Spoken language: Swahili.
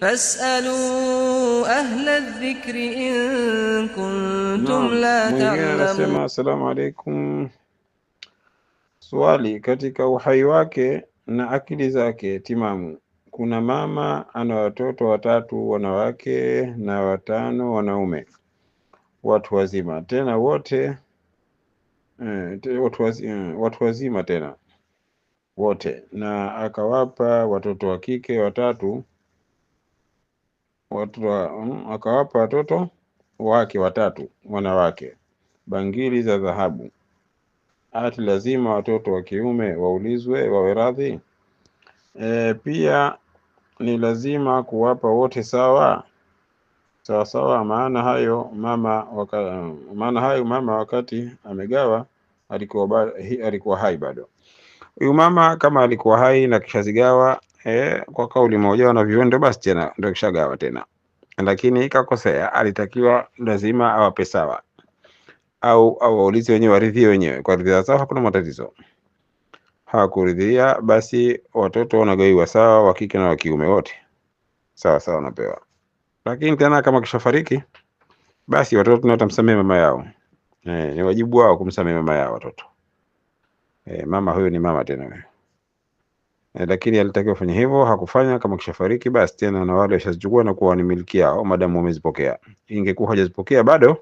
Fasalu ahla dhikri in kuntum la ta'lamun. Anasema asalamu alaikum. Swali, katika uhai wake na akili zake timamu, kuna mama ana watoto watatu wanawake na watano wanaume watu wazima tena wote eh, watu, wazima, eh, watu wazima tena wote, na akawapa watoto wa kike watatu Mm, akawapa watoto wake watatu wanawake bangili za dhahabu. Ati lazima watoto wa kiume waulizwe wawe radhi? E, pia ni lazima kuwapa wote sawa sawa sawa. Maana hayo mama waka, maana hayo mama wakati amegawa alikuwa, alikuwa hai bado. Huyu mama kama alikuwa hai na kishazigawa eh, kwa kauli moja wanavyoona ndio basi tena ndio kishagawa tena, lakini ikakosea, alitakiwa lazima awape sawa au au waulize wenyewe waridhie wenyewe, kwa ridhaa sawa, hakuna matatizo. Hawakuridhia basi watoto wanagaiwa sawa, wa kike na wa kiume wote sawa sawa wanapewa. Lakini tena kama kishafariki basi watoto nao watamsamehe mama yao. Eh, ni wajibu wao kumsamehe mama yao watoto. Eh, mama huyo ni mama tena. wewe. E, lakini alitakiwa fanya hivyo, hakufanya. Kama kishafariki basi tena na wale washazichukua na kuwa ni miliki yao, madamu wamezipokea. Ingekuwa hajazipokea bado